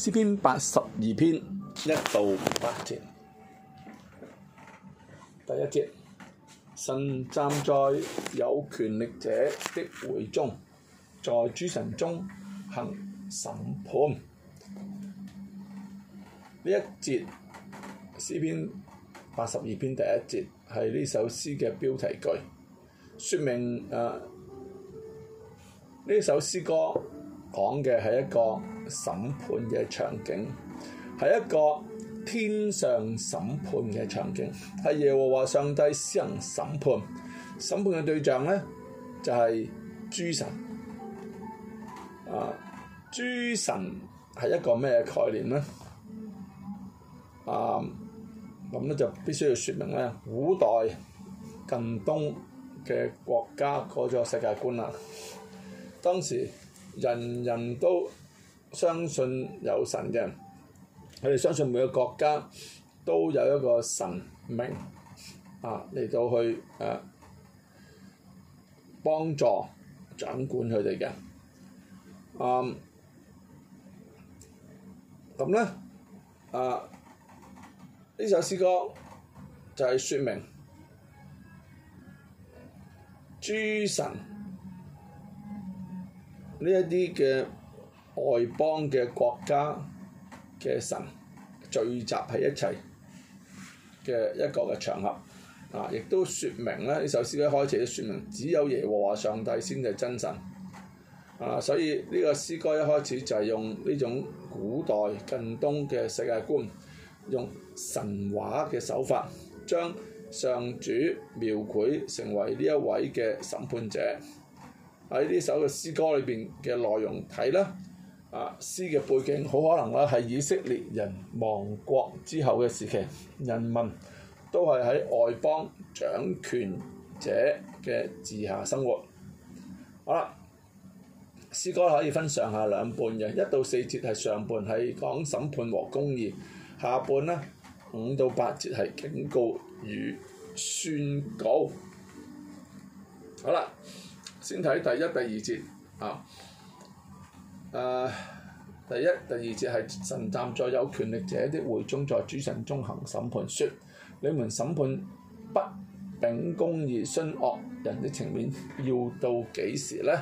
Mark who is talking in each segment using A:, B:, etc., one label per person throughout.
A: 詩篇八十二篇一到八節，第一節，神站在有權力者的會中，在諸神中行審判。呢一節詩篇八十二篇第一節係呢首詩嘅標題句，說明誒呢、呃、首詩歌講嘅係一個。審判嘅場景係一個天上審判嘅場景，係耶和華上帝私人審判，審判嘅對象咧，就係、是、諸神啊。諸神係一個咩概念咧？啊，咁咧就必須要説明咧，古代近東嘅國家嗰、那個世界觀啦。當時人人都相信有神嘅，佢哋相信每個國家都有一個神明啊，嚟到去誒幫、啊、助掌管佢哋嘅。咁咧，啊呢啊首詩歌就係説明諸神呢一啲嘅。外邦嘅國家嘅神聚集喺一齊嘅一個嘅場合，啊，亦都説明咧呢首詩一開始都説明，只有耶和華上帝先係真神啊，所以呢個詩歌一開始就係用呢種古代近東嘅世界觀，用神話嘅手法，將上主描繪成為呢一位嘅審判者喺呢首嘅詩歌裏邊嘅內容睇啦。啊，詩嘅背景好可能咧，係以色列人亡國之後嘅時期，人民都係喺外邦掌權者嘅治下生活。好啦，詩歌可以分上下兩半嘅，一到四節係上半係講審判和公義，下半呢，五到八節係警告與宣告。好啦，先睇第一、第二節啊。誒、uh, 第一第二節係神站在有權力者的會中，在諸神中行審判，說：你們審判不秉公而徇惡人的情面，要到幾時呢？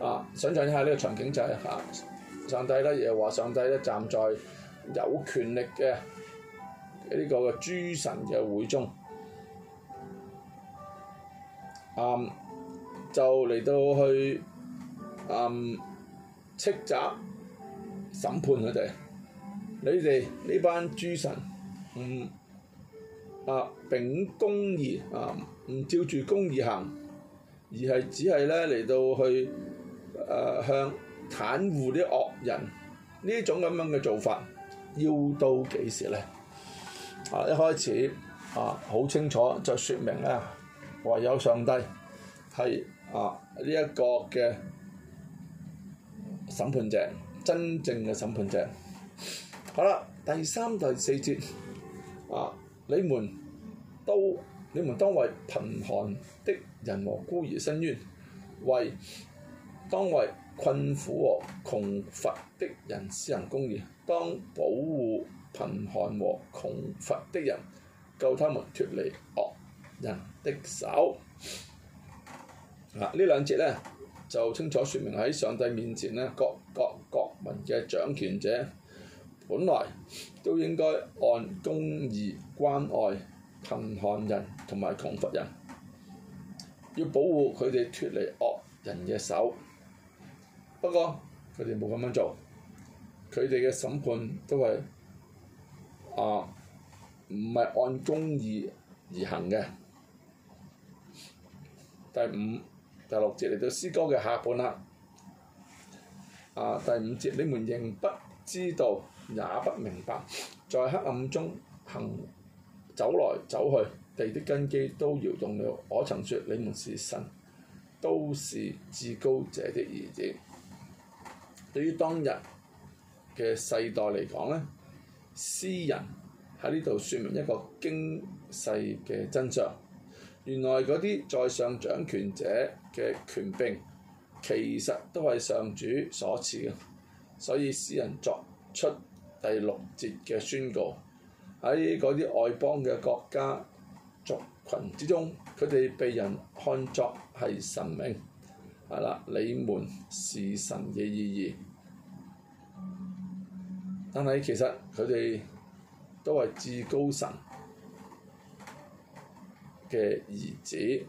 A: 啊、uh,！想像一下呢個場景就係、是、嚇，uh, 上帝咧又話：上帝咧站在有權力嘅呢個諸神嘅會中，啊、um, 就嚟到去啊。Um, 斥責審判佢哋，你哋呢班諸神唔、嗯、啊秉公義啊唔照住公義行，而係只係咧嚟到去誒、啊、向袒護啲惡人呢種咁樣嘅做法，要到幾時咧？啊，一開始啊好清楚就説明咧，唯有上帝係啊呢一個嘅。審判者，真正嘅審判者。好啦，第三第四節啊，你們都你們當為貧寒的人和孤兒申冤，為當為困苦和窮乏的人施行公義，當保護貧寒和窮乏的人，救他們脱離惡人的手。啊，兩呢兩節咧。就清楚説明喺上帝面前呢，各國國民嘅掌權者，本來都應該按公義關愛貧寒人同埋窮乏人，要保護佢哋脱離惡人嘅手。不過佢哋冇咁樣做，佢哋嘅審判都係啊，唔係按公義而行嘅。第五。第六節嚟到詩歌嘅下半啦，啊，第五節，你們仍不知道，也不明白，在黑暗中行走來走去，地的根基都搖動了。我曾說你們是神，都是至高者的兒子。對於當日嘅世代嚟講呢，詩人喺呢度説明，一個驚世嘅真相。原來嗰啲在上掌權者嘅權柄，其實都係上主所持嘅，所以詩人作出第六節嘅宣告，喺嗰啲外邦嘅國家族群之中，佢哋被人看作係神明，係啦，你們是神嘅意義，但係其實佢哋都係至高神嘅兒子，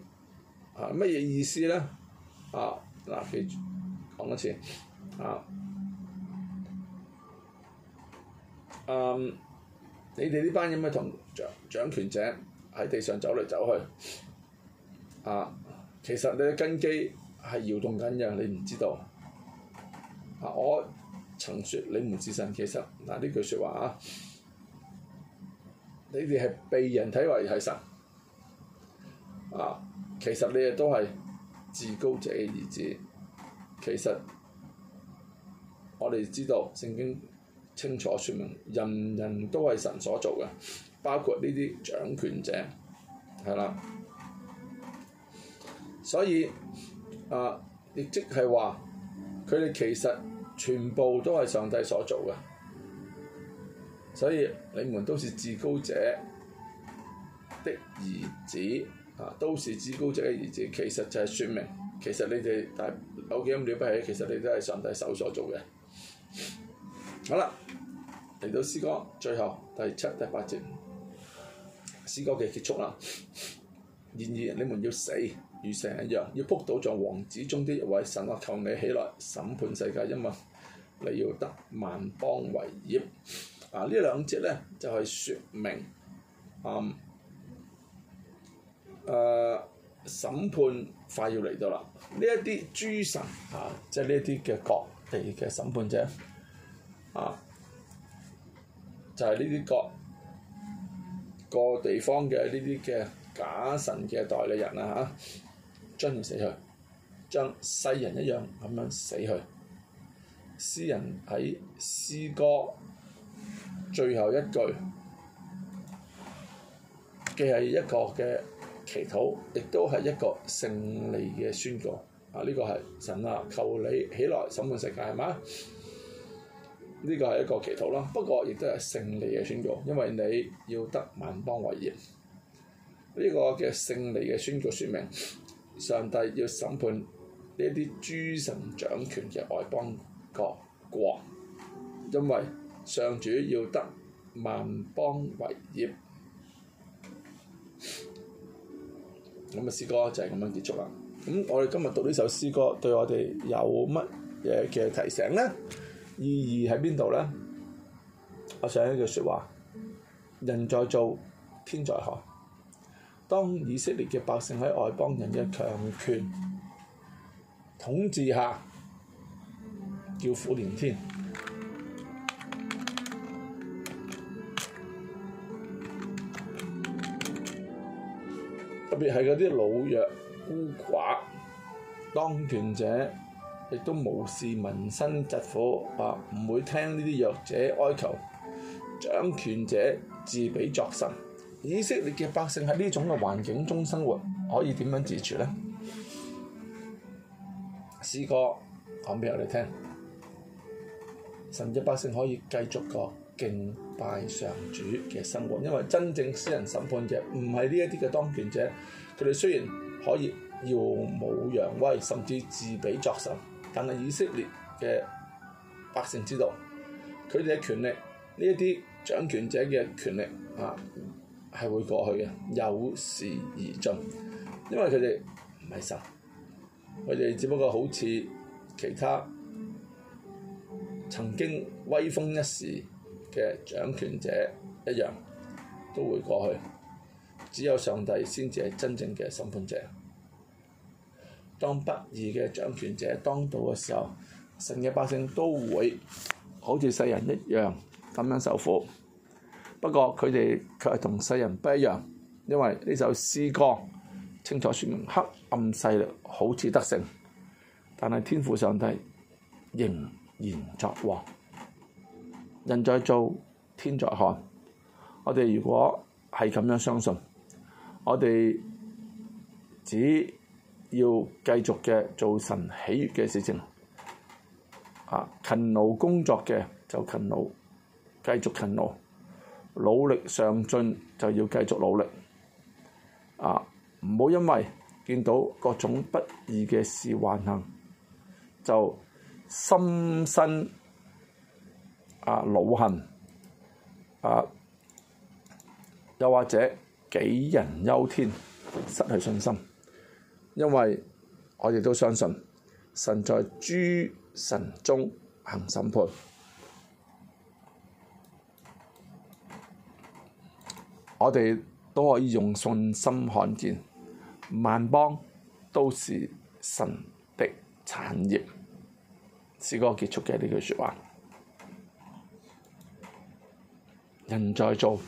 A: 啊，乜嘢意思咧？啊嗱，記住講多次，啊，嗯，你哋呢班咁嘅同掌掌權者喺地上走嚟走去，啊，其實你嘅根基係搖動緊嘅，你唔知道。啊，我曾説你唔自信，其實嗱呢句説話啊，你哋係被人睇為係神。啊，其實你哋都係至高者嘅兒子。其實我哋知道聖經清楚說明，人人都係神所做嘅，包括呢啲掌權者，係啦。所以啊，亦即係話，佢哋其實全部都係上帝所做嘅。所以你們都是至高者的兒子。啊，都是至高者嘅兒子，其實就係説明，其實你哋但係有幾咁了不起，其實你都係上帝手所做嘅。好啦，嚟到詩歌最後第七第八節，詩歌嘅結束啦。然而你們要死如成一樣，要仆倒像王子中的一位神，神啊求你起來審判世界，因為你要得萬邦為業。啊，兩呢兩節咧就係説明，嗯。誒、呃、審判快要嚟到啦！呢一啲諸神啊，即係呢一啲嘅各地嘅審判者啊，就係呢啲各個地方嘅呢啲嘅假神嘅代理人啦嚇，將、啊、要死去，將世人一樣咁樣死去。詩人喺詩歌最後一句嘅係、就是、一個嘅。祈禱亦都係一個勝利嘅宣告，啊呢個係神啊，求你起來審判世界係嘛？呢個係一個祈禱啦，不過亦都係勝利嘅宣告，因為你要得萬邦為業。呢個嘅勝利嘅宣告說明，説明上帝要審判呢啲諸神掌權嘅外邦國國，因為上主要得萬邦為業。咁嘅詩歌就係咁樣結束啦。咁我哋今日讀呢首詩歌，對我哋有乜嘢嘅提醒咧？意義喺邊度咧？我想一句説話：人在做，天在看。當以色列嘅百姓喺外邦人嘅強權統治下，叫苦連天。特別係嗰啲老弱孤寡當權者，亦都無視民生疾苦，啊！唔會聽呢啲弱者哀求，掌權者自比作神。以色列嘅百姓喺呢種嘅環境中生活，可以點樣自處呢？詩歌講俾我哋聽，神嘅百姓可以繼續過敬拜上主嘅生活，因為真正私人審判者唔係呢一啲嘅當權者，佢哋雖然可以耀武揚威，甚至自比作神，但係以色列嘅百姓知道，佢哋嘅權力，呢一啲掌權者嘅權力啊，係會過去嘅，有時而盡，因為佢哋唔係神，佢哋只不過好似其他曾經威風一時。嘅掌權者一樣都會過去，只有上帝先至係真正嘅審判者。當不義嘅掌權者當道嘅時候，神嘅百姓都會好似世人一樣咁樣受苦。不過佢哋卻係同世人不一樣，因為呢首詩歌清楚說明黑暗勢力好似得勝，但係天父上帝仍然作王。人在做，天在看。我哋如果係咁樣相信，我哋只要繼續嘅做神喜悅嘅事情，啊，勤勞工作嘅就勤勞，繼續勤勞，努力上進就要繼續努力。啊，唔好因為見到各種不義嘅事橫行，就心生。啊！老恨啊！又或者杞人憂天，失去信心。因為我哋都相信神在諸神中行審判，我哋都可以用信心看見萬邦都是神的產業，是 𠮶 個結束嘅呢句說話。人在做，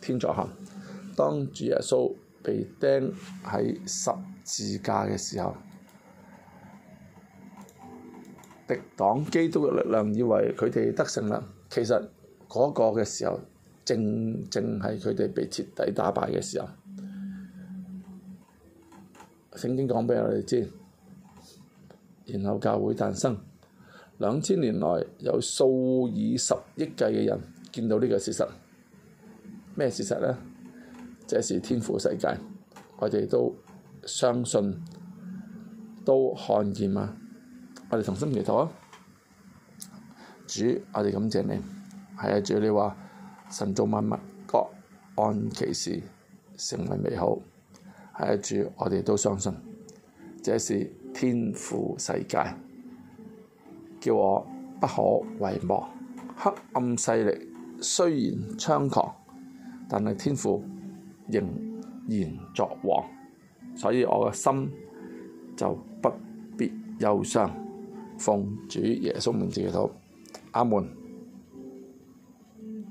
A: 天在看。當主耶穌被釘喺十字架嘅時候，敵黨基督嘅力量以為佢哋得勝啦。其實嗰、那個嘅時候，正正係佢哋被徹底打敗嘅時候。聖經講畀我哋知，然後教會誕生。兩千年來，有數以十億計嘅人。見到呢個事實，咩事實呢？這是天父世界，我哋都相信，都看見嘛。我哋同心祈禱啊！主，我哋感謝你。係啊，主，你話神造萬物，各按其時成為美好。係啊，主，我哋都相信這是天父世界，叫我不可遺忘黑暗勢力。雖然猖狂，但係天父仍然作王，所以我嘅心就不必憂傷，奉主耶穌名字禱告，阿門。